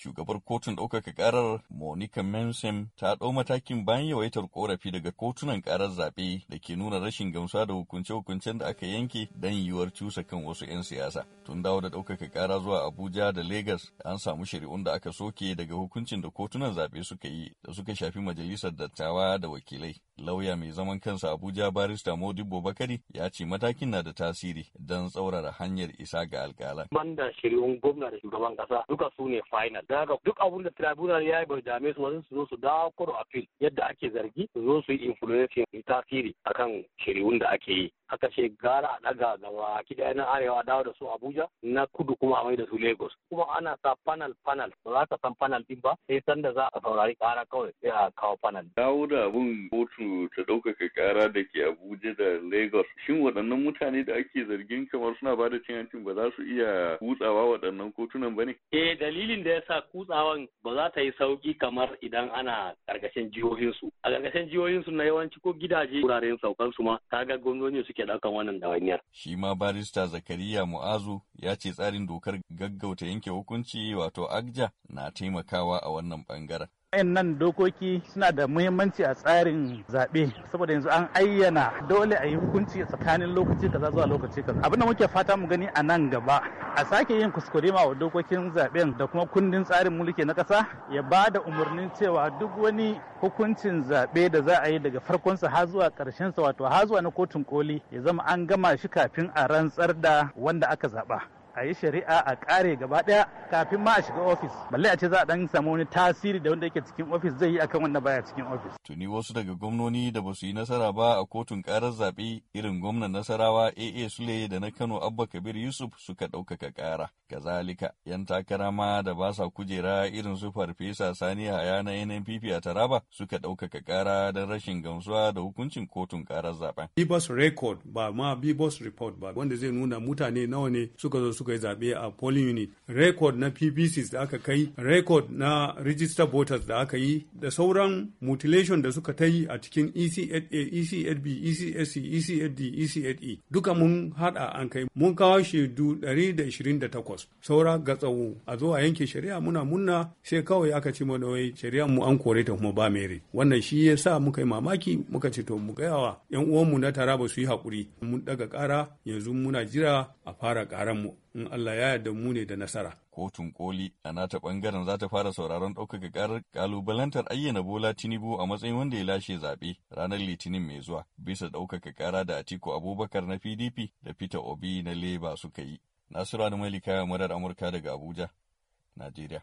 Shugabar kotun ɗaukaka ƙarar Monica Mensem ta ɗau matakin bayan yawaitar ƙorafi daga kotunan ƙarar zaɓe da ke nuna rashin gamsuwa da hukunce-hukuncen da aka yanke don yiwuwar cusa kan wasu 'yan siyasa. Tun dawo da ɗaukaka ƙara zuwa Abuja da Legas an samu shari'un da aka soke daga hukuncin da kotunan zaɓe suka yi da suka shafi majalisar dattawa da wakilai. Lauya mai zaman kansa Abuja barista Modibo Bakari ya ce matakin na da tasiri don tsaurara hanyar isa ga alƙalan. Banda shari'un gwamna da shugaban ƙasa duka su ne final duk abun da tribunal ya yi bai dame su wajen su zo su dawo kuro afil yadda ake zargi su zo su yi influencing tasiri akan shari'un da ake yi aka ce gara a daga gaba kida na arewa a dawo da su abuja na kudu kuma a mai da su lagos kuma ana sa panel panel ba za ka san panel din ba sai sanda za a saurari kara kawai sai a kawo panel. dawo da abun kotu ta ɗaukaka kara da ke abuja da lagos shin waɗannan mutane da ake zargin kamar suna ba da cin hancin ba za su iya kutsawa waɗannan kotunan ba ne. eh dalilin da ya sa kutsawan ba za ta yi sauki kamar idan ana ƙarƙashin jihohinsu a ƙarƙashin jihohinsu na yawanci ko gidaje wuraren saukansu ma kaga gwamnoni suke ke ɗaukan wannan dawainiyar. Shi ma barista Zakariya Mu'azu ya ce tsarin dokar gaggauta yanke hukunci wato agja na taimakawa a wannan ɓangaren. nan dokoki suna da muhimmanci a tsarin zaɓe saboda yanzu an ayyana dole a yi hukunci tsakanin lokaci kaza zuwa lokaci kaza abinda muke fata mu gani a nan gaba a sake yin kuskure ma wa dokokin zaɓen da kuma kundin tsarin mulki na ƙasa ya ba da umarnin cewa duk wani hukuncin zaɓe da za a yi daga farkonsa har zuwa ƙarshensa wato har zuwa na kotun koli ya zama an gama shi kafin a rantsar da wanda aka zaɓa a yi shari'a a kare gaba daya kafin ma a shiga ofis balle a ce za a dan samu wani tasiri da wanda yake cikin ofis zai yi akan wanda baya cikin ofis tuni wasu daga gwamnoni da ba su yi nasara ba a kotun karar zaɓe irin gwamnan nasarawa aa sule da na kano abba kabir yusuf suka ɗaukaka kara kazalika yan takara ma da ba sa kujera irin su farfesa sani haya na nnpp a taraba suka ɗaukaka kara don rashin gamsuwa da hukuncin kotun karar zaɓen bibos record ba ma bibos report ba wanda zai nuna mutane nawa ne suka zo suka yi zaɓe a polling unit record na ppcs da aka kai record na register voters da aka yi da sauran mutilation da suka ta yi a cikin echa ecb ecsc ecfd ece duka mun haɗa an kai mun kawo shaidu 128 saura ga tsawo a zuwa a yanke shari'a muna munna sai kawai aka ce mana wai shari'a mu an kore ta kuma ba mere wannan shi ya sa muka yi mamaki muka ce to mu gayawa yan uwanmu na tara ba su yi haƙuri mun daga ƙara yanzu muna jira a fara ƙaran mu in Allah ya yarda mu ne da nasara. Kotun koli a nata bangaren za ta fara sauraron ɗaukaka ƙarar ƙalubalantar ayyana Bola Tinubu a matsayin wanda ya lashe zaɓe ranar Litinin mai zuwa bisa ɗaukaka ƙara da Atiku Abubakar na PDP da Peter Obi na Labour suka yi. Nasiru Adamu Malika Murar Amurka daga Abuja, Najeriya.